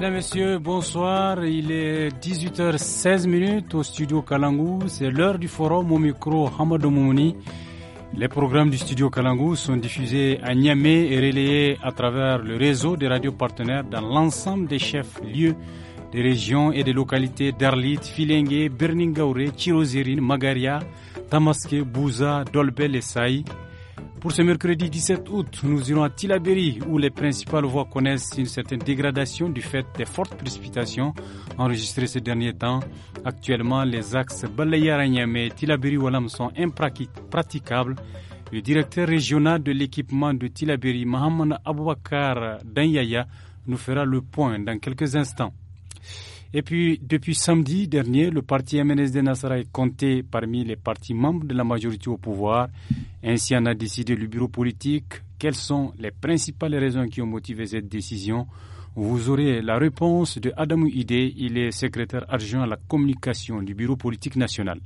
Mesdames, Messieurs, bonsoir. Il est 18h16 au studio Kalangou. C'est l'heure du forum au micro Hamadou Les programmes du studio Kalangou sont diffusés à Niamey et relayés à travers le réseau des radios partenaires dans l'ensemble des chefs lieux des régions et des localités d'Arlit, Filengue, Berningaure, Chirozérine, Magaria, Tamaské, Bouza, Dolbel et Saï. Pour ce mercredi 17 août, nous irons à Tilaberi où les principales voies connaissent une certaine dégradation du fait des fortes précipitations enregistrées ces derniers temps. Actuellement, les axes Balayaranyame et Tilaberi-Walam sont impraticables. Le directeur régional de l'équipement de Tilaberi, Mohamed Abouakar Danyaya, nous fera le point dans quelques instants. Et puis, depuis samedi dernier, le parti MNSD Nassara est compté parmi les partis membres de la majorité au pouvoir. Ainsi en a décidé le bureau politique. Quelles sont les principales raisons qui ont motivé cette décision Vous aurez la réponse de Adamou Hidé, Il est secrétaire argent à la communication du bureau politique national.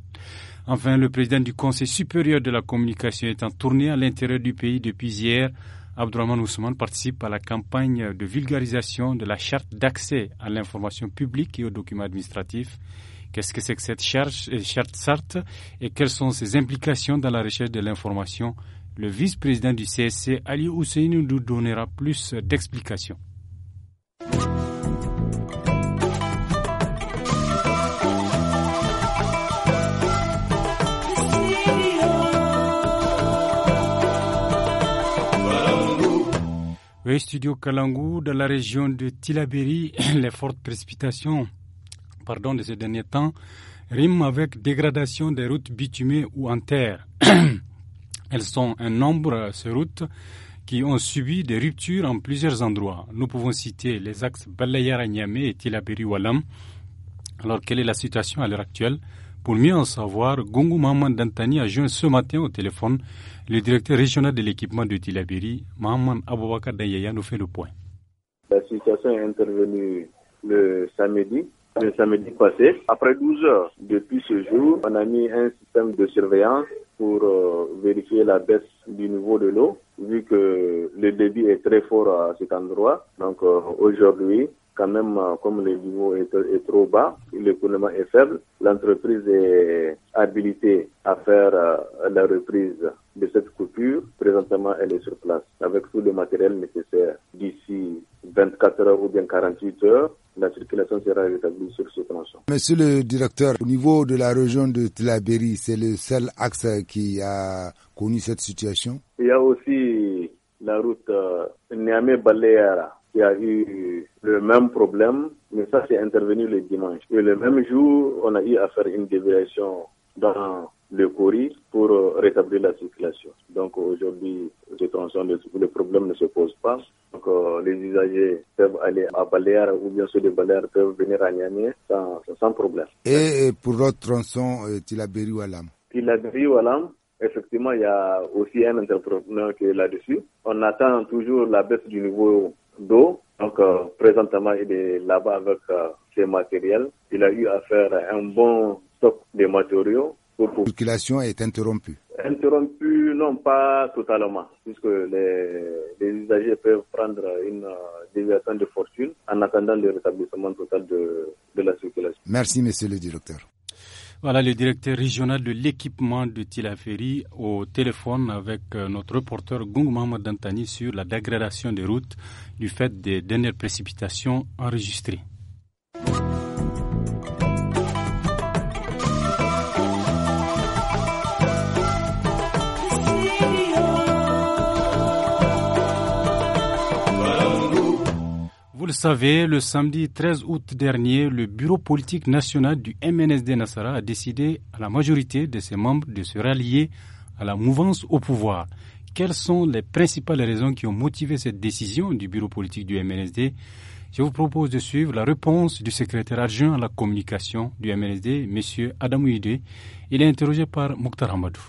Enfin, le président du Conseil supérieur de la communication est en tournée à l'intérieur du pays depuis hier Abdourahman Ousmane participe à la campagne de vulgarisation de la charte d'accès à l'information publique et aux documents administratifs. Qu'est-ce que c'est que cette euh, charte, charte et quelles sont ses implications dans la recherche de l'information Le vice-président du CSC, Ali Hussein, nous donnera plus d'explications. Studios studio Kalangou dans la région de Tilaberi, les fortes précipitations pardon, de ces derniers temps riment avec dégradation des routes bitumées ou en terre. Elles sont un nombre, ces routes, qui ont subi des ruptures en plusieurs endroits. Nous pouvons citer les axes Balayara-Niamey et Tilaberi-Walam. Alors, quelle est la situation à l'heure actuelle Pour mieux en savoir, Gungu Mamandantani Dantani a joint ce matin au téléphone le directeur régional de l'équipement de Tilabiri, Mohamed Aboubakar nous fait le point. La situation est intervenue le samedi le samedi passé. Après 12 heures, depuis ce jour, on a mis un système de surveillance pour euh, vérifier la baisse du niveau de l'eau, vu que le débit est très fort à cet endroit. Donc euh, aujourd'hui, quand même, euh, comme le niveau est, trop bas, l'économie est faible, l'entreprise est habilitée à faire la reprise de cette coupure. Présentement, elle est sur place avec tout le matériel nécessaire. D'ici 24 heures ou bien 48 heures, la circulation sera rétablie sur ce tranchant. Monsieur le directeur, au niveau de la région de Tlaberi, c'est le seul axe qui a connu cette situation Il y a aussi la route euh, Niamey-Baléara qui a eu le même problème, mais ça s'est intervenu le dimanche. Et le même jour, on a eu à faire une déviation dans le courir pour euh, rétablir la circulation. Donc aujourd'hui, je le problème ne se pose pas. Donc euh, les usagers peuvent aller à Balear ou bien ceux de Balear peuvent venir à Niamey sans, sans, problème. Et, pour l'autre tronçon, ou euh, Alam Walam Tilaberi Alam, effectivement, il y a aussi un entrepreneur qui est là-dessus. On attend toujours la baisse du niveau d'eau. Donc présentement, il est là-bas avec ses matériels. Il a eu à faire un bon stock de matériaux la circulation est interrompue Interrompue, non pas totalement, puisque les, usagers peuvent prendre une euh, déviation de fortune en attendant le rétablissement total de, la circulation. Merci, monsieur le directeur. Voilà le directeur régional de l'équipement de Tilaferi au téléphone avec euh, notre reporter Gung Mamadantani Dantani sur la dégradation des routes du fait des dernières précipitations enregistrées. le savez, le samedi 13 août dernier, le bureau politique national du MNSD Nassara a décidé à la majorité de ses membres de se rallier à la mouvance au pouvoir. Quelles sont les principales raisons qui ont motivé cette décision du bureau politique du MNSD Je vous propose de suivre la réponse du secrétaire adjoint à la communication du MNSD, M. Adam Ouide. Il est interrogé par Mokhtar Hamadou.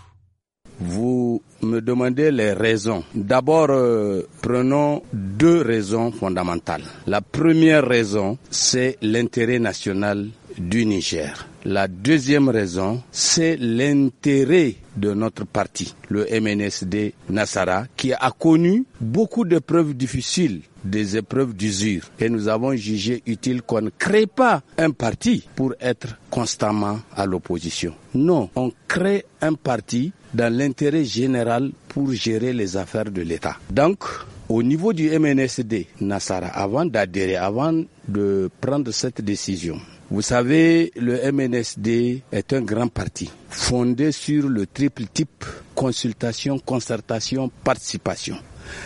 Vous me demandez les raisons. D'abord, euh, prenons deux raisons fondamentales. La première raison, c'est l'intérêt national du Niger. La deuxième raison, c'est l'intérêt de notre parti, le MNSD Nassara, qui a connu beaucoup d'épreuves difficiles, des épreuves d'usure. Et nous avons jugé utile qu'on ne crée pas un parti pour être constamment à l'opposition. Non, on crée un parti dans l'intérêt général pour gérer les affaires de l'État. Donc, au niveau du MNSD, Nassara, avant d'adhérer, avant de prendre cette décision, vous savez, le MNSD est un grand parti fondé sur le triple type consultation, concertation, participation.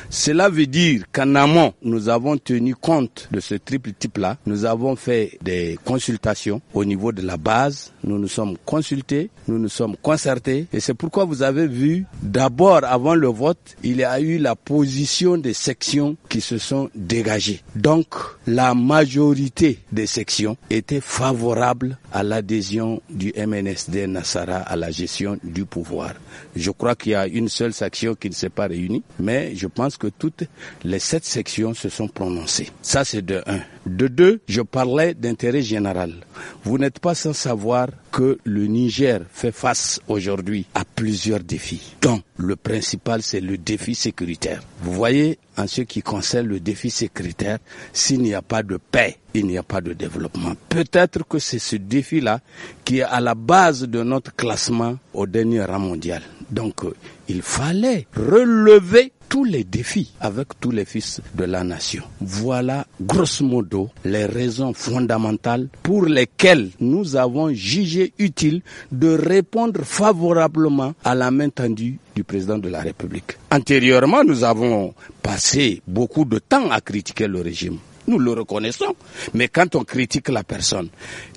Cela veut dire qu'en amont, nous avons tenu compte de ce triple type-là. Nous avons fait des consultations au niveau de la base. Nous nous sommes consultés, nous nous sommes concertés. Et c'est pourquoi vous avez vu, d'abord, avant le vote, il y a eu la position des sections qui se sont dégagées. Donc, la majorité des sections étaient favorable à l'adhésion du MNSD Nassara à la gestion du pouvoir. Je crois qu'il y a une seule section qui ne s'est pas réunie, mais je je pense que toutes les sept sections se sont prononcées. Ça, c'est de un. De deux, je parlais d'intérêt général. Vous n'êtes pas sans savoir que le Niger fait face aujourd'hui à plusieurs défis, dont le principal, c'est le défi sécuritaire. Vous voyez, en ce qui concerne le défi sécuritaire, s'il n'y a pas de paix, il n'y a pas de développement. Peut-être que c'est ce défi-là qui est à la base de notre classement au dernier rang mondial. Donc, euh, il fallait relever tous les défis avec tous les fils de la nation. Voilà, grosso modo, les raisons fondamentales pour lesquelles nous avons jugé utile de répondre favorablement à la main tendue du président de la République. Antérieurement, nous avons passé beaucoup de temps à critiquer le régime. Nous le reconnaissons. Mais quand on critique la personne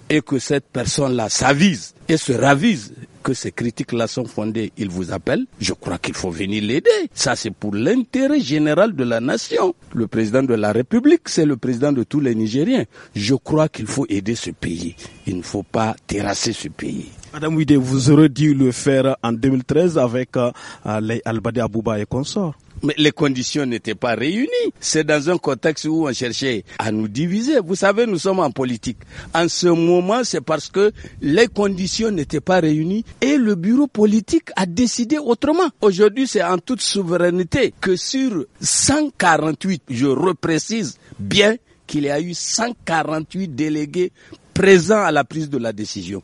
et que cette personne-là s'avise et se ravise que ces critiques-là sont fondées, il vous appelle. Je crois qu'il faut venir l'aider. Ça, c'est pour l'intérêt général de la nation. Le président de la République, c'est le président de tous les Nigériens. Je crois qu'il faut aider ce pays. Il ne faut pas terrasser ce pays. Madame Ouide, vous aurez dû le faire en 2013 avec euh, al les Abouba et consorts. Mais les conditions n'étaient pas réunies. C'est dans un contexte où on cherchait à nous diviser. Vous savez, nous sommes en politique. En ce moment, c'est parce que les conditions n'étaient pas réunies et le bureau politique a décidé autrement. Aujourd'hui, c'est en toute souveraineté que sur 148, je reprécise bien qu'il y a eu 148 délégués présents à la prise de la décision.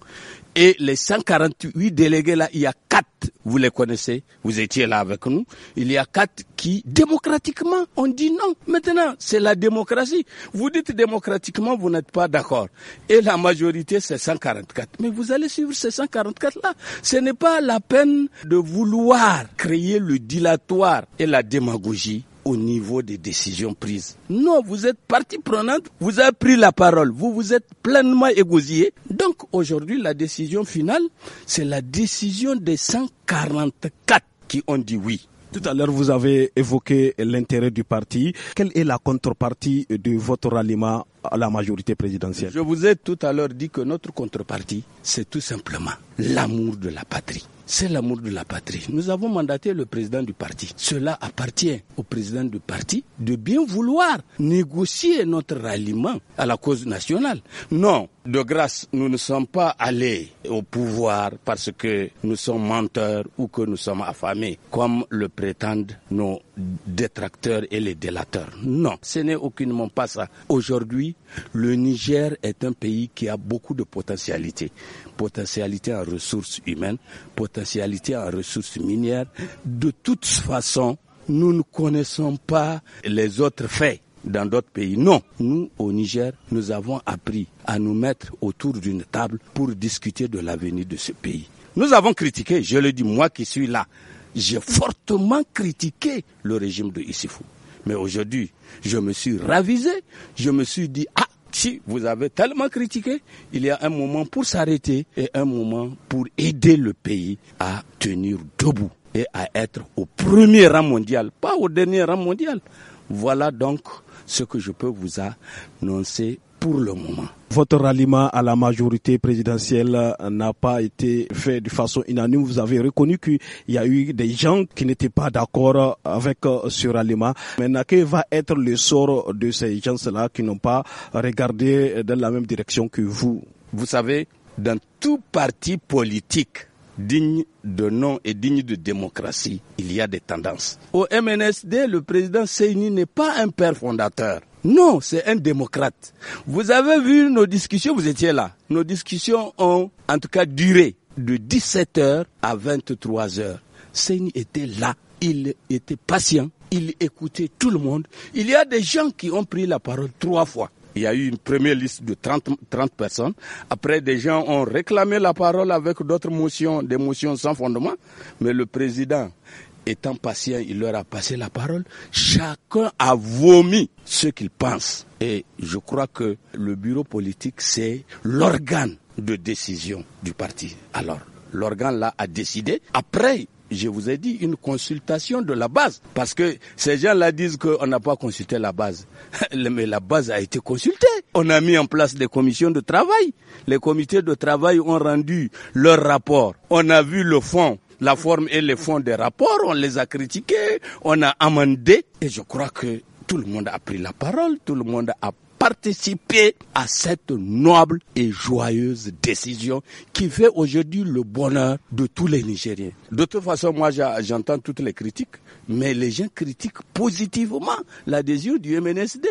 Et les 148 délégués là, il y a quatre, vous les connaissez, vous étiez là avec nous. Il y a quatre qui, démocratiquement, ont dit non. Maintenant, c'est la démocratie. Vous dites démocratiquement, vous n'êtes pas d'accord. Et la majorité, c'est 144. Mais vous allez suivre ces 144 là. Ce n'est pas la peine de vouloir créer le dilatoire et la démagogie au niveau des décisions prises. Non, vous êtes partie prenante, vous avez pris la parole, vous vous êtes pleinement égosillé. Donc aujourd'hui, la décision finale, c'est la décision des 144 qui ont dit oui. Tout à l'heure, vous avez évoqué l'intérêt du parti. Quelle est la contrepartie de votre ralliement à la majorité présidentielle Je vous ai tout à l'heure dit que notre contrepartie, c'est tout simplement l'amour de la patrie. C'est l'amour de la patrie. Nous avons mandaté le président du parti. Cela appartient au président du parti de bien vouloir négocier notre ralliement à la cause nationale. Non, de grâce, nous ne sommes pas allés au pouvoir parce que nous sommes menteurs ou que nous sommes affamés, comme le prétendent nos détracteurs et les délateurs. Non, ce n'est aucunement pas ça. Aujourd'hui, le Niger est un pays qui a beaucoup de potentialités. Potentialités en ressources humaines, potentialité en ressources minières. De toute façon, nous ne connaissons pas les autres faits dans d'autres pays. Non, nous, au Niger, nous avons appris à nous mettre autour d'une table pour discuter de l'avenir de ce pays. Nous avons critiqué, je le dis moi qui suis là, j'ai fortement critiqué le régime de Issifou. Mais aujourd'hui, je me suis ravisé, je me suis dit, ah, si vous avez tellement critiqué, il y a un moment pour s'arrêter et un moment pour aider le pays à tenir debout et à être au premier rang mondial, pas au dernier rang mondial. Voilà donc ce que je peux vous annoncer votre ralliement à la majorité présidentielle n'a pas été fait de façon inanime. Vous avez reconnu qu'il y a eu des gens qui n'étaient pas d'accord avec euh, ce ralliement. Maintenant, quel va être le sort de ces gens-là qui n'ont pas regardé dans la même direction que vous Vous savez, dans tout parti politique digne de nom et digne de démocratie, il y a des tendances. Au MNSD, le président Seyni n'est pas un père fondateur. Non, c'est un démocrate. Vous avez vu nos discussions, vous étiez là. Nos discussions ont en tout cas duré de 17h à 23h. Seigne était là, il était patient, il écoutait tout le monde. Il y a des gens qui ont pris la parole trois fois. Il y a eu une première liste de 30, 30 personnes. Après, des gens ont réclamé la parole avec d'autres motions, des motions sans fondement. Mais le président étant patient, il leur a passé la parole. Chacun a vomi ce qu'il pense. Et je crois que le bureau politique, c'est l'organe de décision du parti. Alors, l'organe là a décidé. Après, je vous ai dit, une consultation de la base. Parce que ces gens-là disent qu'on n'a pas consulté la base. Mais la base a été consultée. On a mis en place des commissions de travail. Les comités de travail ont rendu leur rapport. On a vu le fond la forme et le fond des rapports, on les a critiqués, on a amendé. Et je crois que tout le monde a pris la parole, tout le monde a participé à cette noble et joyeuse décision qui fait aujourd'hui le bonheur de tous les Nigériens. De toute façon, moi j'entends toutes les critiques, mais les gens critiquent positivement l'adhésion du MNSD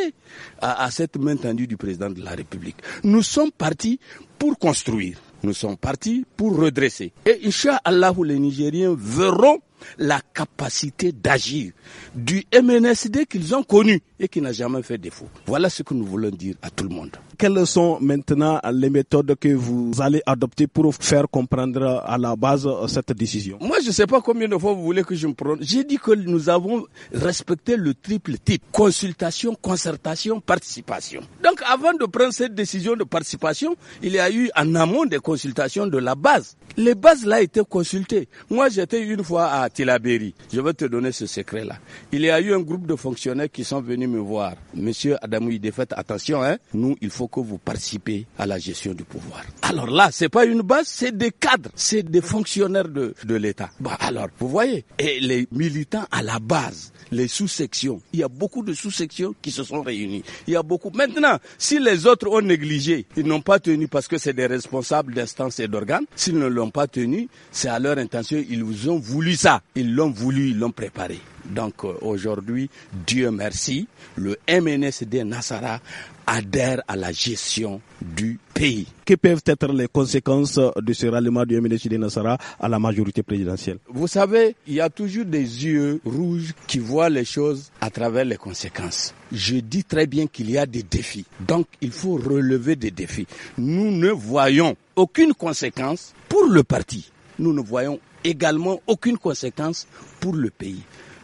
à cette main tendue du président de la République. Nous sommes partis pour construire. Nous sommes partis pour redresser. Et Inch'Allah, les Nigériens verront la capacité d'agir du MNSD qu'ils ont connu et qui n'a jamais fait défaut. Voilà ce que nous voulons dire à tout le monde quelles sont maintenant les méthodes que vous allez adopter pour faire comprendre à la base euh, cette décision Moi, je ne sais pas combien de fois vous voulez que je me prononce. J'ai dit que nous avons respecté le triple type consultation, concertation, participation. Donc, avant de prendre cette décision de participation, il y a eu en amont des consultations de la base. Les bases là étaient consultées. Moi, j'étais une fois à Tilaberi. Je vais te donner ce secret-là. Il y a eu un groupe de fonctionnaires qui sont venus me voir. Monsieur Adamou faites attention, hein, nous, il faut que vous participez à la gestion du pouvoir. Alors là, c'est pas une base, c'est des cadres, c'est des fonctionnaires de, de l'État. Bah alors, vous voyez, et les militants à la base, les sous-sections, il y a beaucoup de sous-sections qui se sont réunies. Il y a beaucoup. Maintenant, si les autres ont négligé, ils n'ont pas tenu parce que c'est des responsables d'instances et d'organes. S'ils ne l'ont pas tenu, c'est à leur intention, ils vous ont voulu ça. Ils l'ont voulu, ils l'ont préparé. Donc euh, aujourd'hui, Dieu merci, le MNSD Nassara adhère à la gestion du pays. Que peuvent être les conséquences de ce ralliement du MNSD Nassara à la majorité présidentielle Vous savez, il y a toujours des yeux rouges qui voient les choses à travers les conséquences. Je dis très bien qu'il y a des défis. Donc il faut relever des défis. Nous ne voyons aucune conséquence pour le parti. Nous ne voyons également aucune conséquence pour le pays.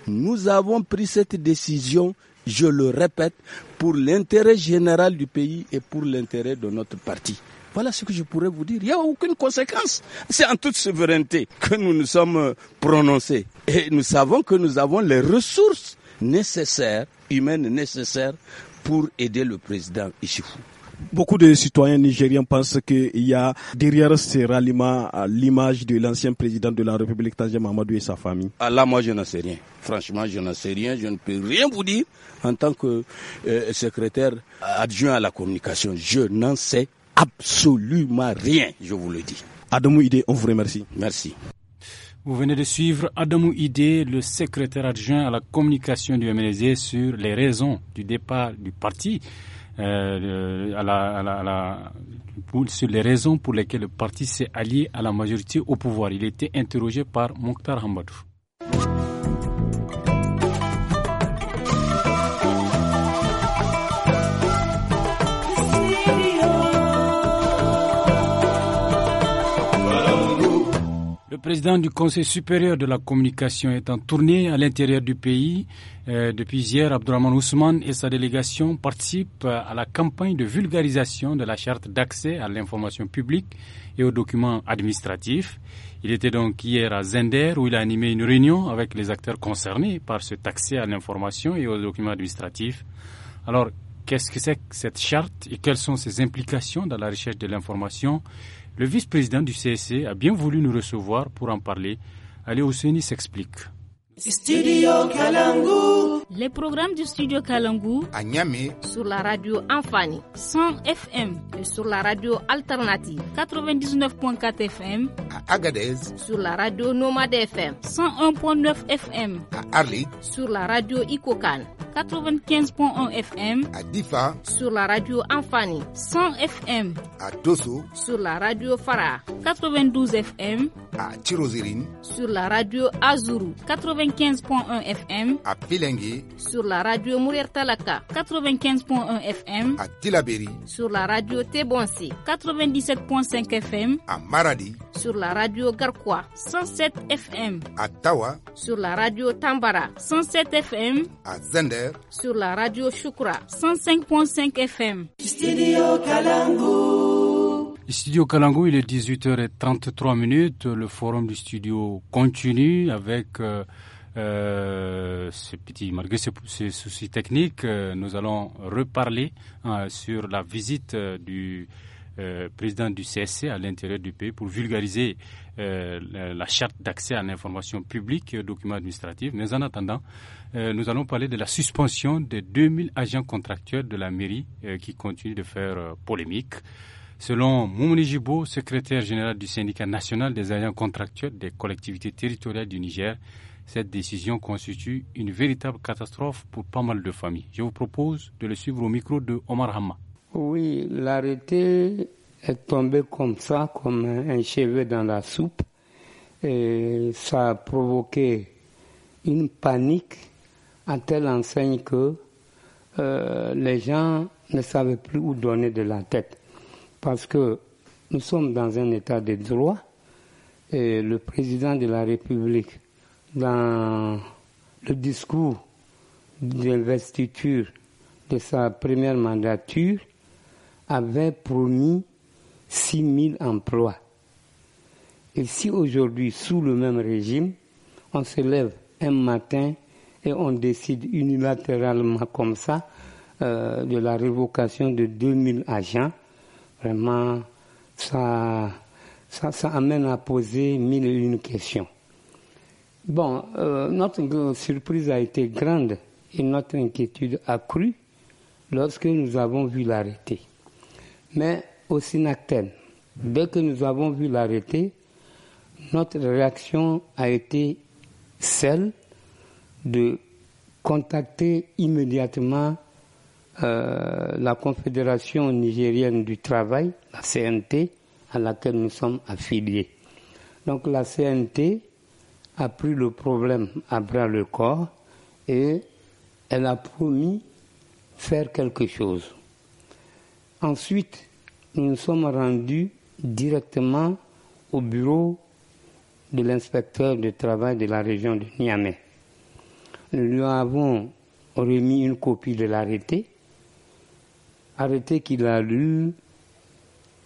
Nous avons pris cette décision, je le répète, pour l'intérêt général du pays et pour l'intérêt de notre parti. Voilà ce que je pourrais vous dire. Il n'y a aucune conséquence. C'est en toute souveraineté que nous nous sommes euh, prononcés. Et nous savons que nous avons les ressources nécessaires, humaines nécessaires, pour aider le président Ishifou. Beaucoup de citoyens nigériens pensent qu'il y a derrière ces ralliements l'image de l'ancien président de la République, Tajem Mamadou et sa famille. Ah, là, moi, je n'en sais rien. Franchement, je n'en sais rien. Je ne peux rien vous dire en tant que euh, secrétaire adjoint à la communication. Je n'en sais absolument rien, je vous le dis. Adamou Idé, on vous remercie. Merci. Vous venez de suivre Adamou Ide, le secrétaire adjoint à la communication du MNZ sur les raisons du départ du parti euh, sur les raisons pour lesquelles le parti s'est allié à la majorité au pouvoir. Il était interrogé par Mokhtar Hamadou. président du Conseil supérieur de la communication est en tournée à l'intérieur du pays. Euh, depuis hier, Abdourahman Ousmane et sa délégation participent à la campagne de vulgarisation de la charte d'accès à l'information publique et aux documents administratifs. Il était donc hier à Zender où il a animé une réunion avec les acteurs concernés par cet accès à l'information et aux documents administratifs. Alors, qu'est-ce que c'est que cette charte et quelles sont ses implications dans la recherche de l'information le vice-président du CSC e a bien voulu nous recevoir pour en parler. Allez, Ouseni s'explique. Les programmes du studio Kalangu à Niamey sur la radio Anfani 100 FM et sur la radio Alternative 99.4 FM à Agadez sur la radio Nomade FM 101.9 FM à Arli sur la radio Ikokan 95.1 FM à Difa sur la radio Anfani 100 FM à Dosso sur la radio Farah 92 FM à Tirozirine sur la radio Azuru 95.1 FM à Pilengi sur la radio Mourir Talaka 95.1 FM. À Tilaberi. Sur la radio Tebonsi 97.5 FM. À Maradi. Sur la radio Garkwa 107 FM. À Tawa. Sur la radio Tambara 107 FM. À Zender. Sur la radio Shukra 105.5 FM. Studio Kalangu. Studio Kalango, il est 18h33 minutes. Le forum du studio continue avec euh, euh, petit, malgré ces soucis techniques, technique, euh, nous allons reparler euh, sur la visite euh, du président du CSC à l'intérieur du pays pour vulgariser la, charte d'accès à l'information publique et aux documents administratifs. Mais en attendant, nous allons parler de la suspension des 2000 agents contractuels de la mairie qui continuent de faire polémique. Selon Moumouni Jibo, secrétaire général du syndicat national des agents contractuels des collectivités territoriales du Niger, cette décision constitue une véritable catastrophe pour pas mal de familles. Je vous propose de le suivre au micro de Omar Hamma. Oui, l'arrêté est tombé comme ça, comme un cheveu dans la soupe. Et ça a provoqué une panique à telle enseigne que euh, les gens ne savaient plus où donner de la tête. Parce que nous sommes dans un état de droit et le président de la République dans le discours d'investiture de sa première mandature, avait promis 6 000 emplois. Et si aujourd'hui, sous le même régime, on se lève un matin et on décide unilatéralement comme ça euh, de la révocation de 2 000 agents, vraiment, ça, ça, ça amène à poser mille et une questions. Bon, euh, notre surprise a été grande et notre inquiétude accrue lorsque nous avons vu l'arrêté. Mais au Synactel, dès que nous avons vu l'arrêté, notre réaction a été celle de contacter immédiatement euh, la Confédération nigérienne du travail, la CNT, à laquelle nous sommes affiliés. Donc la CNT a pris le problème à bras le corps et elle a promis faire quelque chose. Ensuite, nous nous sommes rendus directement au bureau de l'inspecteur de travail de la région de Niamey. Nous lui avons remis une copie de l'arrêté, arrêté qu'il a lu,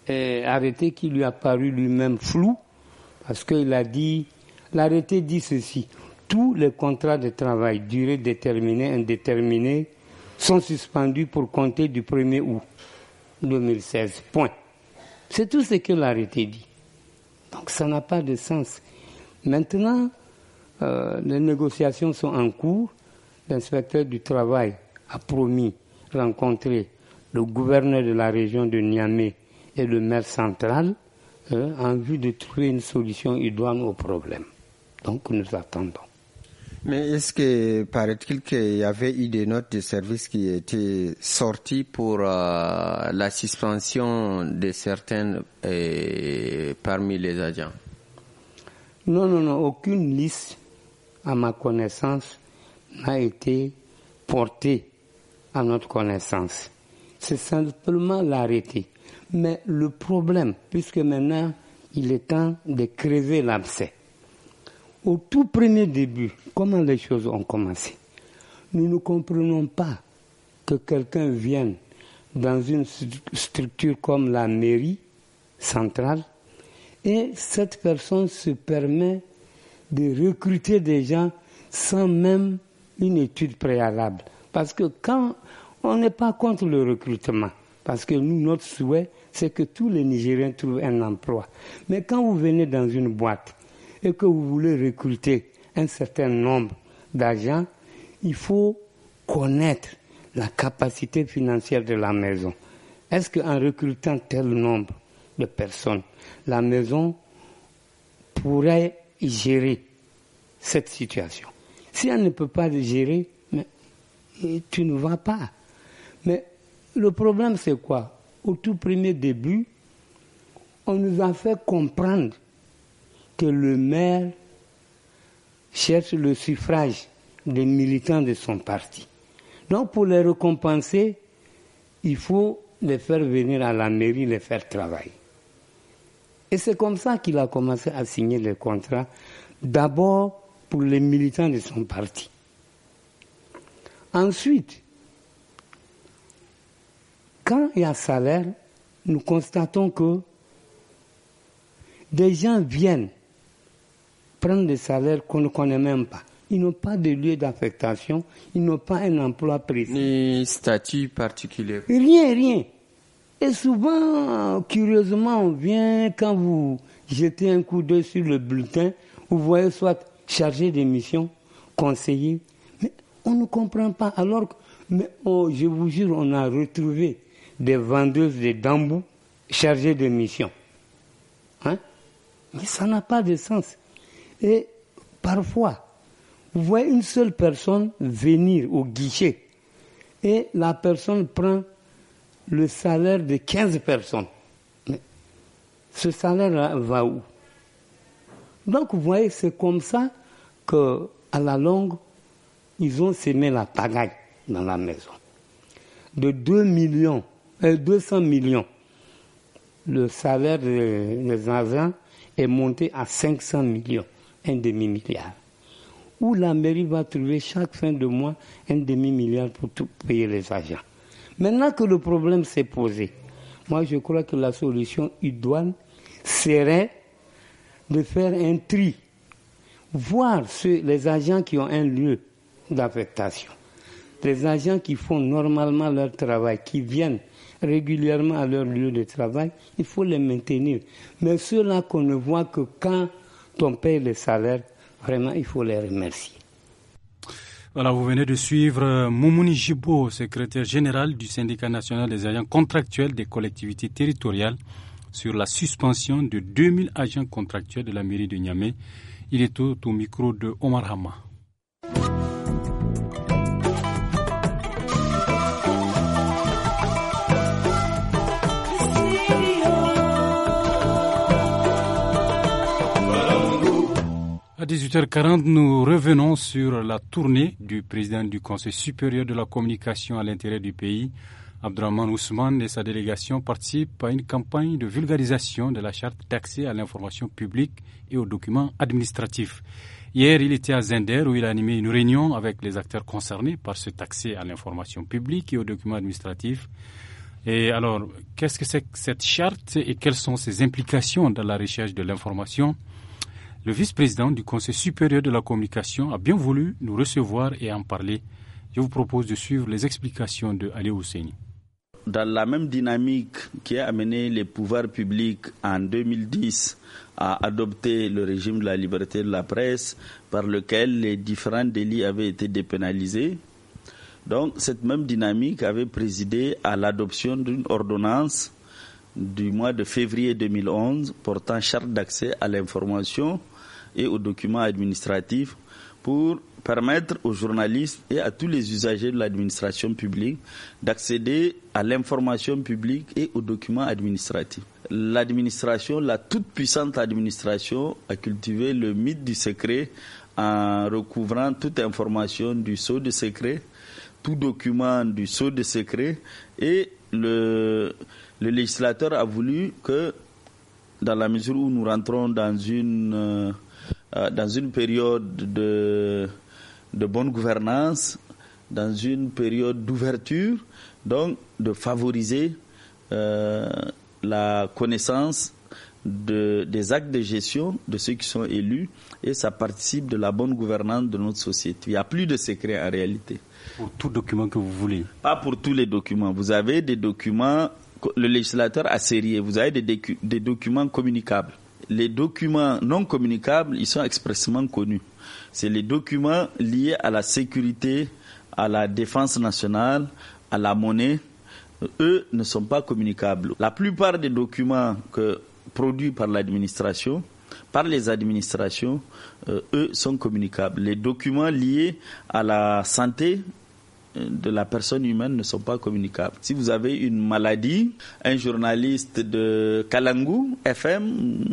et arrêté qui lui a paru lui-même flou, parce qu'il a dit L'arrêté dit ceci. Tous les contrats de travail, durée déterminée, indéterminée, sont suspendus pour compter du 1er août 2016. Point. C'est tout ce que l'arrêté dit. Donc ça n'a pas de sens. Maintenant, euh, les négociations sont en cours. L'inspecteur du travail a promis rencontrer le gouverneur de la région de Niamey et le maire central euh, en vue de trouver une solution idoine au problème. Donc nous attendons. Mais est-ce que, paraît-il, qu'il y avait eu des notes de service qui étaient sorties pour euh, la suspension de certaines euh, parmi les agents Non, non, non, aucune liste, à ma connaissance, n'a été portée à notre connaissance. C'est simplement l'arrêté. Mais le problème, puisque maintenant il est temps de crever l'abcès, au tout premier début, comment les choses ont commencé Nous ne comprenons pas que quelqu'un vienne dans une structure comme la mairie centrale et cette personne se permet de recruter des gens sans même une étude préalable. Parce que quand on n'est pas contre le recrutement, parce que nous, notre souhait, c'est que tous les Nigériens trouvent un emploi. Mais quand vous venez dans une boîte, et que vous voulez recruter un certain nombre d'agents, il faut connaître la capacité financière de la maison. Est-ce qu'en recrutant tel nombre de personnes, la maison pourrait gérer cette situation Si elle ne peut pas le gérer, euh, tu ne vas pas. Mais le problème, c'est quoi Au tout premier début, on nous a fait comprendre que le maire cherche le suffrage des militants de son parti. Donc pour les récompenser, il faut les faire venir à la mairie, les faire travailler. Et c'est comme ça qu'il a commencé à signer les contrats, d'abord pour les militants de son parti. Ensuite, quand il y a salaire, nous constatons que des gens viennent prennent des salaires qu'on ne connaît même pas. Ils n'ont pas de lieu d'affectation, ils n'ont pas un emploi précis. Ni statut particulier. Rien, rien. Et souvent, curieusement, on vient quand vous jetez un coup d'œil sur le bulletin, vous voyez soit chargé de mission, conseiller, mais on ne comprend pas. Alors, mais oh, je vous jure, on a retrouvé des vendeuses de dambou chargées de mission. Hein? Mais ça n'a pas de sens. Et parfois, vous voyez une seule personne venir au guichet et la personne prend le salaire de 15 personnes. ce salaire va où Donc vous voyez, c'est comme ça qu'à la longue, ils ont semé la pagaille dans la maison. De 2 millions, 200 euh, millions, le salaire des, des agents est monté à 500 millions un demi-milliard. Où la mairie va trouver chaque fin de mois un demi-milliard pour payer les agents. Maintenant que le problème s'est posé, moi je crois que la solution idoine serait de faire un tri, voir ceux, les agents qui ont un lieu d'affectation, les agents qui font normalement leur travail, qui viennent régulièrement à leur lieu de travail, il faut les maintenir. Mais ceux-là qu'on ne voit que quand pomper les salaires, vraiment, il faut les remercier. Voilà, vous venez de suivre euh, Moumouni Jibo, secrétaire général du syndicat national des agents contractuels des collectivités territoriales, sur la suspension de 2000 agents contractuels de la mairie de Niamey. Il est au, au micro de Omar Hama. À 18h40, nous revenons sur la tournée du président du Conseil supérieur de la communication à l'intérêt du pays. Abdraman Ousmane et sa délégation participent à une campagne de vulgarisation de la charte d'accès à l'information publique et aux documents administratifs. Hier, il était à Zender où il a animé une réunion avec les acteurs concernés par cet accès à l'information publique et aux documents administratifs. Et alors, qu'est-ce que c'est que cette charte et quelles sont ses implications dans la recherche de l'information le vice-président du Conseil supérieur de la communication a bien voulu nous recevoir et en parler. Je vous propose de suivre les explications de Ali Dans la même dynamique qui a amené les pouvoirs publics en 2010 à adopter le régime de la liberté de la presse, par lequel les différents délits avaient été dépénalisés, donc cette même dynamique avait présidé à l'adoption d'une ordonnance du mois de février 2011 portant charte d'accès à l'information et aux documents administratifs pour permettre aux journalistes et à tous les usagers de l'administration publique d'accéder à l'information publique et aux documents administratifs. L'administration, la toute-puissante administration, a cultivé le mythe du secret en recouvrant toute information du sceau de secret, tout document du sceau de secret et le, le législateur a voulu que dans la mesure où nous rentrons dans une euh, euh, dans une période de, bonne gouvernance, dans une période d'ouverture, donc de favoriser euh, la connaissance des actes de gestion de ceux qui sont élus et ça participe de la bonne gouvernance de notre société. Il n'y a plus de secret en réalité. Pour tout document que vous voulez Pas pour tous les documents. Vous avez des documents, le législateur a serré, vous avez des documents communicables les documents non communicables, ils sont expressément connus. C'est les documents liés à la sécurité, à la défense nationale, à la monnaie. Eux ne sont pas communicables. La plupart des documents que, produits par l'administration, par les administrations, euh, eux sont communicables. Les documents liés à la santé, de la personne humaine ne sont pas communicables. Si vous avez une maladie, un journaliste de Kalangu FM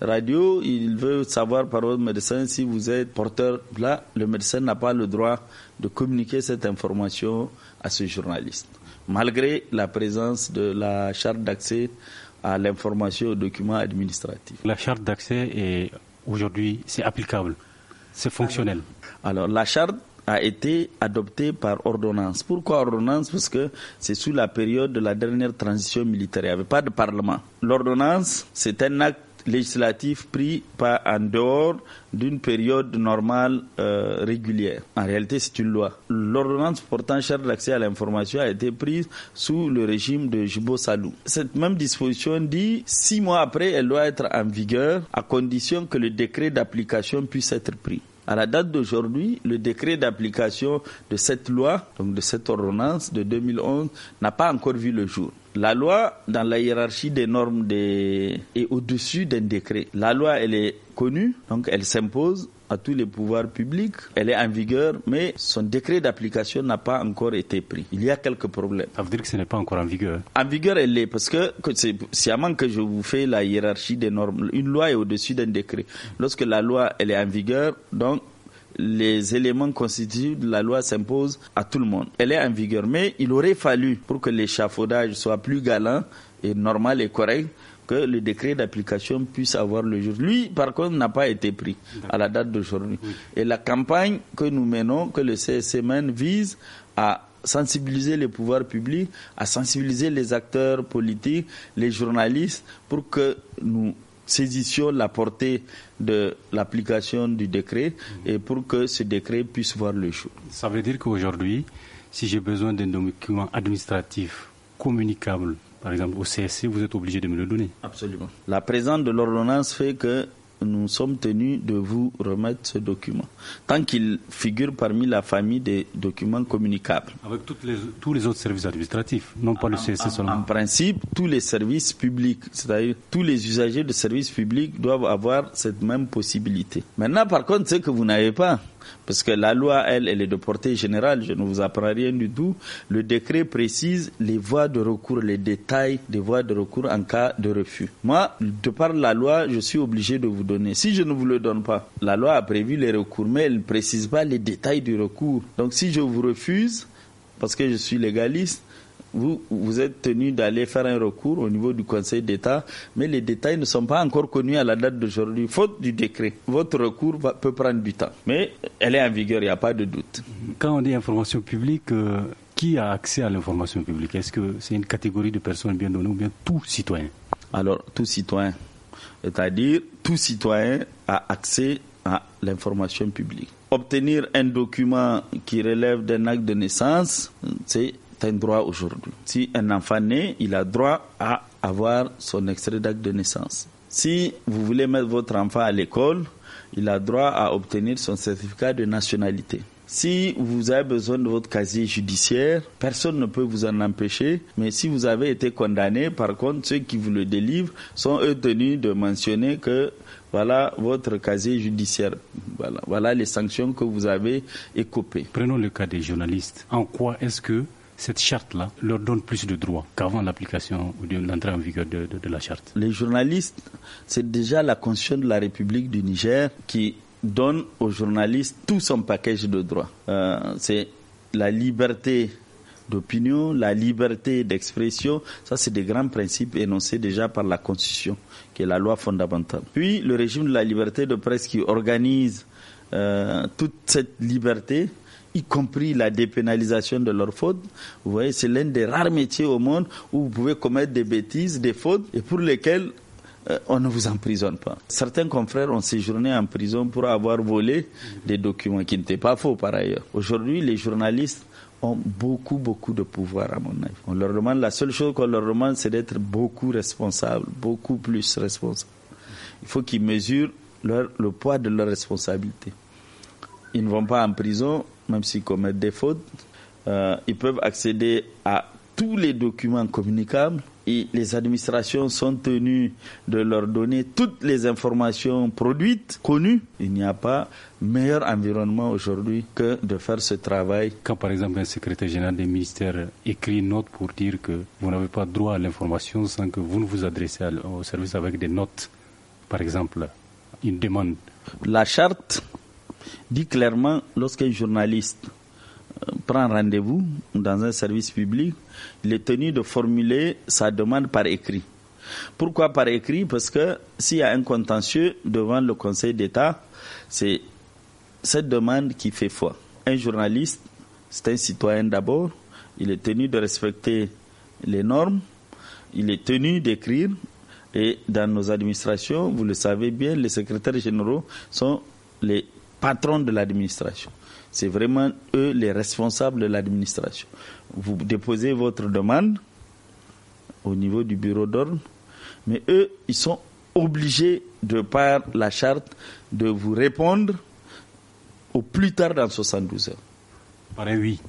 radio, il veut savoir par votre médecin si vous êtes porteur. Là, le médecin n'a pas le droit de communiquer cette information à ce journaliste, malgré la présence de la charte d'accès à l'information aux documents administratifs. La charte d'accès est aujourd'hui, c'est applicable, c'est fonctionnel. alors la charte a été adopté par ordonnance. Pourquoi ordonnance Parce que c'est sous la période de la dernière transition militaire. Il n'y avait pas de parlement. L'ordonnance, c'est un acte législatif pris pas en dehors d'une période normale euh, régulière. En réalité, c'est une loi. L'ordonnance portant charte d'accès à l'information a été prise sous le régime de Jibo Salou. Cette même disposition dit six mois après, elle doit être en vigueur à condition que le décret d'application puisse être pris. À la date d'aujourd'hui, le décret d'application de cette loi, donc de cette ordonnance de 2011, n'a pas encore vu le jour. La loi, dans la hiérarchie des normes est au-dessus d'un décret. La loi, elle est connue, donc elle s'impose à tous les pouvoirs publics. Elle est en vigueur, mais son décret d'application n'a pas encore été pris. Il y a quelques problèmes. Ça veut dire que ce n'est pas encore en vigueur En vigueur, elle est, parce que, que c'est sciemment que je vous fais la hiérarchie des normes. Une loi est au-dessus d'un décret. Lorsque la loi elle est en vigueur, donc les éléments constitutifs de la loi s'imposent à tout le monde. Elle est en vigueur, mais il aurait fallu, pour que l'échafaudage soit plus galant et normal et correct, que le décret d'application puisse avoir le jour. Lui, par contre, n'a pas été pris à la date d'aujourd'hui. Et la campagne que nous menons, que le CSC vise à sensibiliser les pouvoirs publics, à sensibiliser les acteurs politiques, les journalistes, pour que nous saisissions la portée de l'application du décret et pour que ce décret puisse voir le jour. Ça veut dire qu'aujourd'hui, si j'ai besoin d'un document administratif communicable par exemple, au CSC, vous êtes obligé de me le donner. Absolument. La présence de l'ordonnance fait que nous sommes tenus de vous remettre ce document, tant qu'il figure parmi la famille des documents communicables. Avec toutes les, tous les autres services administratifs, non pas le CSC seulement. En principe, tous les services publics, c'est-à-dire tous les usagers de services publics doivent avoir cette même possibilité. Maintenant, par contre, ce que vous n'avez pas, parce que la loi, elle, elle est de portée générale. Je ne vous apprends rien du tout. Le décret précise les voies de recours, les détails des voies de recours en cas de refus. Moi, de par la loi, je suis obligé de vous donner. Si je ne vous le donne pas, la loi a prévu les recours, mais elle ne précise pas les détails du recours. Donc si je vous refuse, parce que je suis légaliste, vous, êtes tenu d'aller faire un recours au niveau du Conseil d'État, mais les détails ne sont pas encore connus à la date d'aujourd'hui, faute du décret. Votre recours va, peut prendre du temps, mais elle est en vigueur, il n'y a pas de doute. Quand on dit information publique, euh, qui a accès à l'information publique Est-ce que c'est une catégorie de personnes bien données ou bien tout citoyen Alors, tout citoyen, c'est-à-dire tout citoyen a accès à l'information publique. Obtenir un document qui relève d'un acte de naissance, c'est un droit aujourd'hui. Si un enfant naît, il a droit à avoir son extrait d'acte de naissance. Si vous voulez mettre votre enfant à l'école, il a droit à obtenir son certificat de nationalité. Si vous avez besoin de votre casier judiciaire, personne ne peut vous en empêcher. Mais si vous avez été condamné, par contre, ceux qui vous le délivrent sont eux tenus de mentionner que voilà votre casier judiciaire. Voilà, voilà les sanctions que vous avez écopées. Prenons le cas des journalistes. En quoi est-ce que cette charte-là leur donne plus de droits qu'avant l'application ou l'entrée en vigueur de, la charte. Les journalistes, c'est déjà la Constitution de la République du Niger qui donne aux journalistes tout son paquet de droits. Euh, c'est la liberté d'opinion, la liberté d'expression, ça c'est des grands principes énoncés déjà par la Constitution, qui est la loi fondamentale. Puis le régime de la liberté de presse qui organise euh, toute cette liberté y compris la dépénalisation de leurs fautes. Vous voyez, c'est l'un des rares métiers au monde où vous pouvez commettre des bêtises, des fautes, et pour lesquelles euh, on ne vous emprisonne pas. Certains confrères ont séjourné en prison pour avoir volé des documents qui n'étaient pas faux par ailleurs. Aujourd'hui, les journalistes ont beaucoup, beaucoup de pouvoir, à mon avis. On leur demande, la seule chose qu'on leur demande, c'est d'être beaucoup responsables, beaucoup plus responsables. Il faut qu'ils mesurent leur, le poids de leurs responsabilités. Ils ne vont pas en prison même s'ils commettent des fautes, euh, ils peuvent accéder à tous les documents communicables et les administrations sont tenues de leur donner toutes les informations produites, connues. Il n'y a pas meilleur environnement aujourd'hui que de faire ce travail. Quand par exemple un secrétaire général des ministères écrit une note pour dire que vous n'avez pas droit à l'information sans que vous ne vous adressez au service avec des notes, par exemple, une demande. La charte dit clairement lorsqu'un journaliste euh, prend rendez-vous dans un service public, il est tenu de formuler sa demande par écrit. Pourquoi par écrit Parce que s'il y a un contentieux devant le Conseil d'État, c'est cette demande qui fait foi. Un journaliste, c'est un citoyen d'abord, il est tenu de respecter les normes, il est tenu d'écrire, et dans nos administrations, vous le savez bien, les secrétaires généraux sont les patrons de l'administration. C'est vraiment eux les responsables de l'administration. Vous déposez votre demande au niveau du bureau d'ordre, mais eux, ils sont obligés, de par la charte, de vous répondre au plus tard dans 72 heures. Pareil, oui.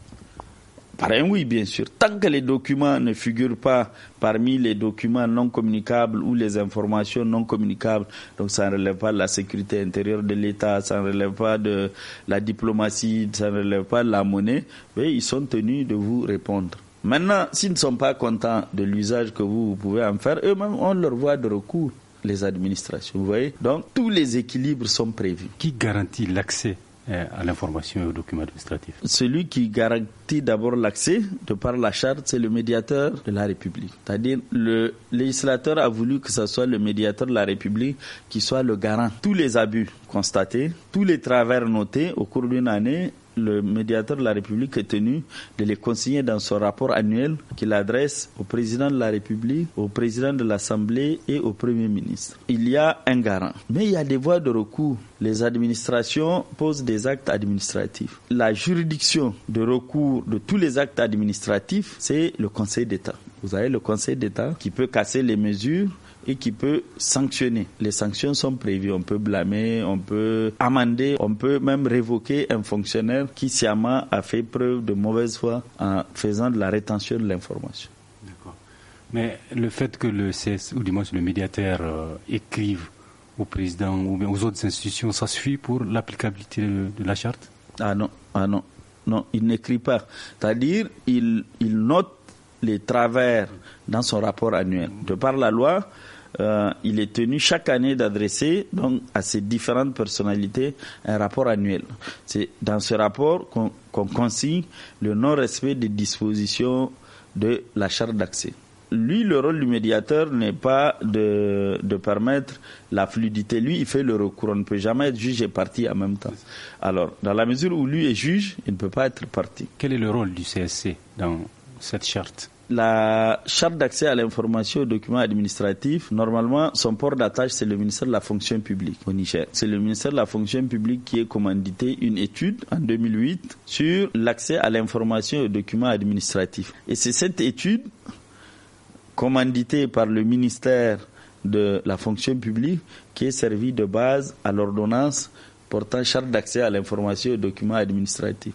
Par oui, bien sûr. Tant que les documents ne figurent pas parmi les documents non communicables ou les informations non communicables, donc ça ne relève pas de la sécurité intérieure de l'État, ça ne relève pas de la diplomatie, ça ne relève pas de la monnaie, mais ils sont tenus de vous répondre. Maintenant, s'ils ne sont pas contents de l'usage que vous, pouvez en faire, eux-mêmes ont leur voie de recours, les administrations. Vous voyez Donc, tous les équilibres sont prévus. Qui garantit l'accès à l'information et aux documents administratifs. Celui qui garantit d'abord l'accès, de par la charte, c'est le médiateur de la République. C'est-à-dire le législateur a voulu que ce soit le médiateur de la République qui soit le garant. Tous les abus constatés, tous les travers notés au cours d'une année le médiateur de la République est tenu de les consigner dans son rapport annuel qu'il adresse au président de la République, au président de l'Assemblée et au Premier ministre. Il y a un garant. Mais il y a des voies de recours. Les administrations posent des actes administratifs. La juridiction de recours de tous les actes administratifs, c'est le Conseil d'État. Vous avez le Conseil d'État qui peut casser les mesures et qui peut sanctionner. Les sanctions sont prévues. On peut blâmer, on peut amender, on peut même révoquer un fonctionnaire qui sciemment a fait preuve de mauvaise foi en faisant de la rétention de l'information. D'accord. Mais le fait que le CS, ou du le médiateur, écrive au président ou aux autres institutions, ça suffit pour l'applicabilité de, la charte Ah non, ah non, non, il n'écrit pas. C'est-à-dire, il, il note les travers dans son rapport annuel. De par la loi, euh, il est tenu chaque année d'adresser donc à ces différentes personnalités un rapport annuel. C'est dans ce rapport qu'on consigne le non-respect des dispositions de la charte d'accès. Lui, le rôle du médiateur n'est pas de, de, permettre la fluidité. Lui, il fait le recours. On ne peut jamais être juge et parti en même temps. Alors, dans la mesure où lui est juge, il ne peut pas être parti. Quel est le rôle du CSC dans cette charte la charte d'accès à l'information et aux documents administratifs, normalement, son port d'attache, c'est le ministère de la fonction publique au Niger. C'est le ministère de la fonction publique qui a commandité une étude en 2008 sur l'accès à l'information et aux documents administratifs. Et c'est cette étude commanditée par le ministère de la fonction publique qui est servi de base à l'ordonnance portant charte d'accès à l'information et aux documents administratifs.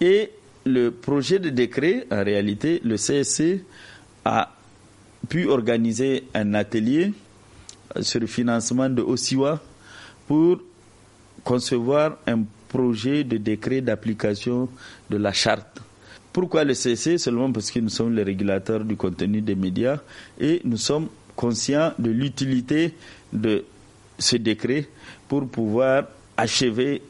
Et le projet de décret, en réalité, le CSC a pu organiser un atelier euh, sur le financement de Osiwa pour concevoir un projet de décret d'application de la charte. Pourquoi le CSC Seulement parce que nous sommes les régulateurs du contenu des médias et nous sommes conscients de l'utilité de ce décret pour pouvoir achever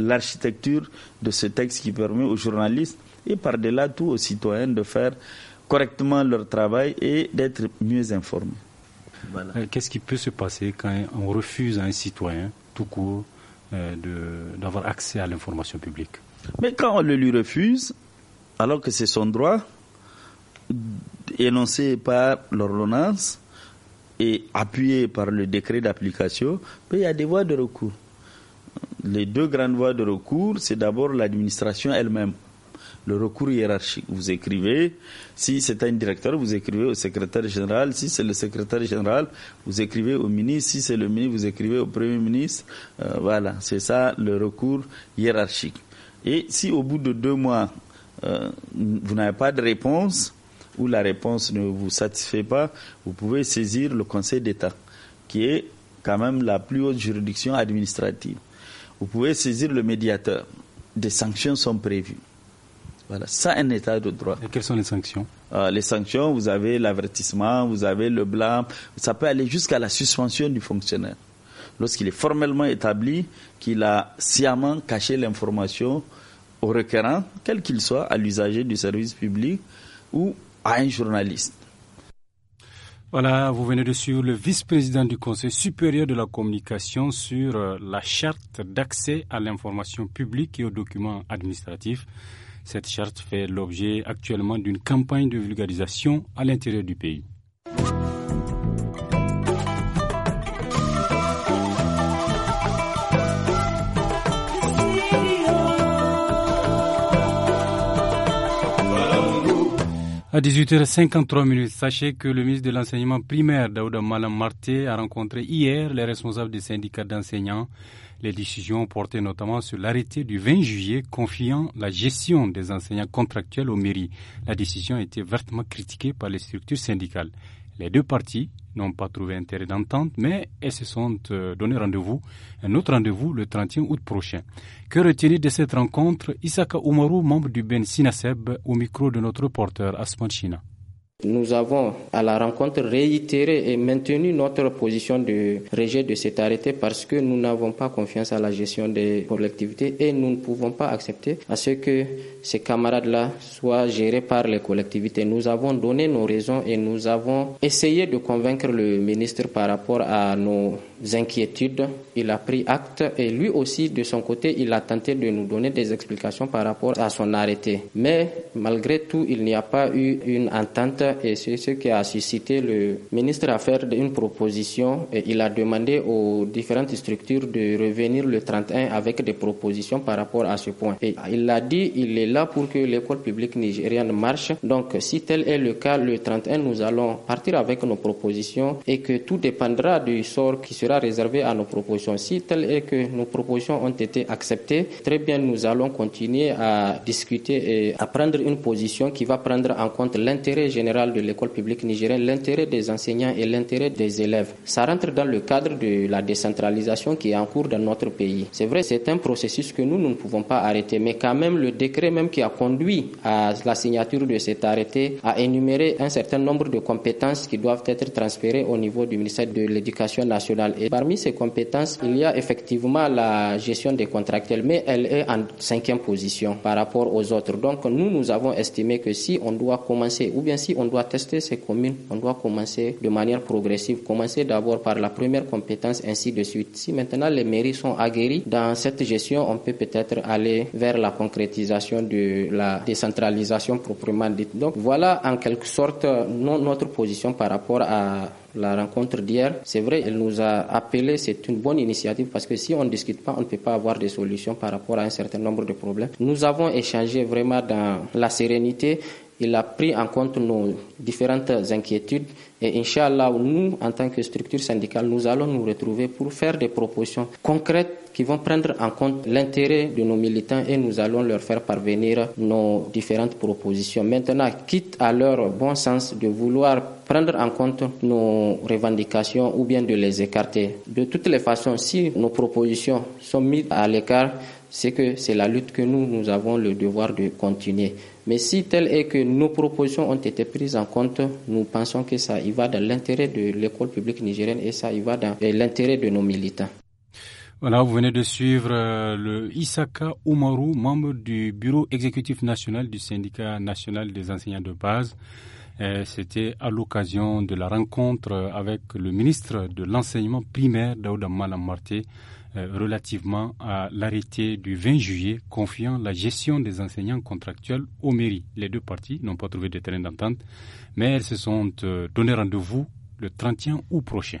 l'architecture de ce texte qui permet aux journalistes et par-delà tout aux citoyens de faire correctement leur travail et d'être mieux informés. Euh, qu'est-ce qui peut se passer quand on refuse à un citoyen tout court euh, d'avoir accès à l'information publique Mais quand on le lui refuse, alors que c'est son droit énoncé par l'ordonnance et appuyé par le décret d'application, ben, il y a des voies de recours les deux grandes voies de recours, c'est d'abord l'administration elle-même. Le recours hiérarchique. Vous écrivez, si c'est un directeur, vous écrivez au secrétaire général. Si c'est le secrétaire général, vous écrivez au ministre. Si c'est le ministre, vous écrivez au premier ministre. Euh, voilà, c'est ça le recours hiérarchique. Et si au bout de deux mois, euh, vous n'avez pas de réponse ou la réponse ne vous satisfait pas, vous pouvez saisir le Conseil d'État, qui est quand même la plus haute juridiction administrative vous pouvez saisir le médiateur. Des sanctions sont prévues. Voilà, ça un état de droit. Et quelles sont les sanctions euh, Les sanctions, vous avez l'avertissement, vous avez le blâme, ça peut aller jusqu'à la suspension du fonctionnaire. Lorsqu'il est formellement établi qu'il a sciemment caché l'information au requérant, quel qu'il soit, à l'usager du service public ou à un journaliste. Voilà, vous venez de suivre le vice-président du Conseil supérieur de la communication sur euh, la charte d'accès à l'information publique et aux documents administratifs. Cette charte fait l'objet actuellement d'une campagne de vulgarisation à l'intérieur du pays. À 18h53, sachez que le ministre de l'Enseignement primaire, Daouda Malam Marté, a rencontré hier les responsables des syndicats d'enseignants. Les décisions porté notamment sur l'arrêté du 20 juillet confiant la gestion des enseignants contractuels au mairies. La décision a été vertement critiquée par les structures syndicales. Les deux parties n'ont pas trouvé intérêt d'entente, mais elles se sont euh, donné rendez-vous, un autre rendez-vous le 31 août prochain. Que retenir de cette rencontre Isaka Oumarou, membre du Ben Sinaseb, au micro de notre reporter Asman nous avons, à la rencontre, réitéré et maintenu notre position de rejet de cet arrêté parce que nous n'avons pas confiance à la gestion des collectivités et nous ne pouvons pas accepter à ce que ces camarades-là soient gérés par les collectivités. Nous avons donné nos raisons et nous avons essayé de convaincre le ministre par rapport à nos inquiétudes, il a pris acte et lui aussi, de son côté, il a tenté de nous donner des explications par rapport à son arrêté. Mais malgré tout, il n'y a pas eu une entente et c'est ce qui a suscité le ministre à faire une proposition et il a demandé aux différentes structures de revenir le 31 avec des propositions par rapport à ce point. Et il a dit, il est là pour que l'école publique nigérienne marche. Donc, si tel est le cas, le 31, nous allons partir avec nos propositions et que tout dépendra du sort qui sera réservé à nos propositions. Si telles est que nos propositions ont été acceptées, très bien, nous allons continuer à discuter et à prendre une position qui va prendre en compte l'intérêt général de l'école publique nigérienne, l'intérêt des enseignants et l'intérêt des élèves. Ça rentre dans le cadre de la décentralisation qui est en cours dans notre pays. C'est vrai, c'est un processus que nous, nous ne pouvons pas arrêter, mais quand même, le décret même qui a conduit à la signature de cet arrêté a énuméré un certain nombre de compétences qui doivent être transférées au niveau du ministère de l'Éducation nationale. Et parmi ces compétences, il y a effectivement la gestion des contractuels, mais elle est en cinquième position par rapport aux autres. Donc nous, nous avons estimé que si on doit commencer, ou bien si on doit tester ces communes, on doit commencer de manière progressive, commencer d'abord par la première compétence, ainsi de suite. Si maintenant les mairies sont aguerries dans cette gestion, on peut peut-être aller vers la concrétisation de la décentralisation proprement dite. Donc voilà en quelque sorte notre position par rapport à la rencontre d'hier, c'est vrai, elle nous a appelé, c'est une bonne initiative parce que si on ne discute pas, on ne peut pas avoir des solutions par rapport à un certain nombre de problèmes. Nous avons échangé vraiment dans la sérénité. Il a pris en compte nos différentes inquiétudes et Inch'Allah, nous, en tant que structure syndicale, nous allons nous retrouver pour faire des propositions concrètes qui vont prendre en compte l'intérêt de nos militants et nous allons leur faire parvenir nos différentes propositions. Maintenant, quitte à leur bon sens de vouloir prendre en compte nos revendications ou bien de les écarter. De toutes les façons, si nos propositions sont mises à l'écart, c'est que c'est la lutte que nous, nous avons le devoir de continuer. Mais si tel est que nos propositions ont été prises en compte, nous pensons que ça y va dans l'intérêt de l'école publique nigérienne et ça y va dans l'intérêt de nos militants. Voilà, vous venez de suivre euh, le Isaka Oumarou, membre du bureau exécutif national du syndicat national des enseignants de base. Euh, c'était à l'occasion de la rencontre euh, avec le ministre de l'enseignement primaire, Daouda Malam euh, relativement à l'arrêté du 20 juillet confiant la gestion des enseignants contractuels aux mairies. Les deux parties n'ont pas trouvé de terrain d'entente, mais elles se sont euh, donné rendez-vous le 31 août prochain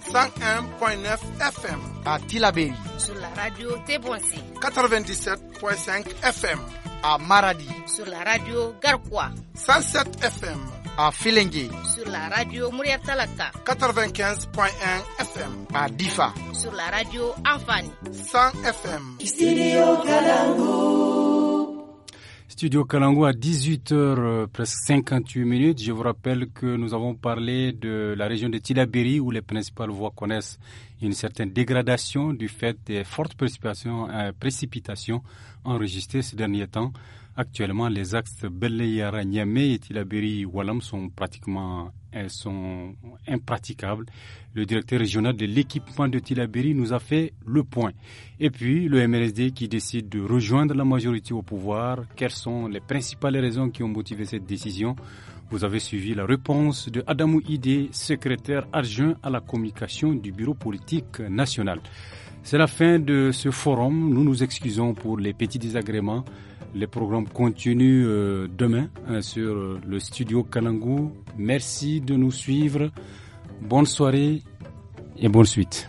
101.9 FM à Tilaberi. Sur la radio Téboissé. 97.5 FM à Maradi. Sur la radio Garkwa. 107 FM à Filengue. Sur la radio Mouriatalata 95.1 FM à Difa. Sur la radio Anfani. 100 FM. Studio Studio Kalango à 18h, euh, presque 58 minutes. Je vous rappelle que nous avons parlé de la région de Tilabiri où les principales voies connaissent une certaine dégradation du fait des fortes précipitations euh, enregistrées ces derniers temps. Actuellement, les axes Beleyara, Niamey et Tilaberi Walam sont pratiquement euh, sont impraticables. Le directeur régional de l'équipement de Tilaberi nous a fait le point. Et puis, le MRSD qui décide de rejoindre la majorité au pouvoir, quelles sont les principales raisons qui ont motivé cette décision Vous avez suivi la réponse de Adamou Idé, secrétaire adjoint à la communication du Bureau politique national. C'est la fin de ce forum. Nous nous excusons pour les petits désagréments. Les programmes continuent euh, demain hein, sur euh, le studio Kalangu. Merci de nous suivre. Bonne soirée et bonne suite.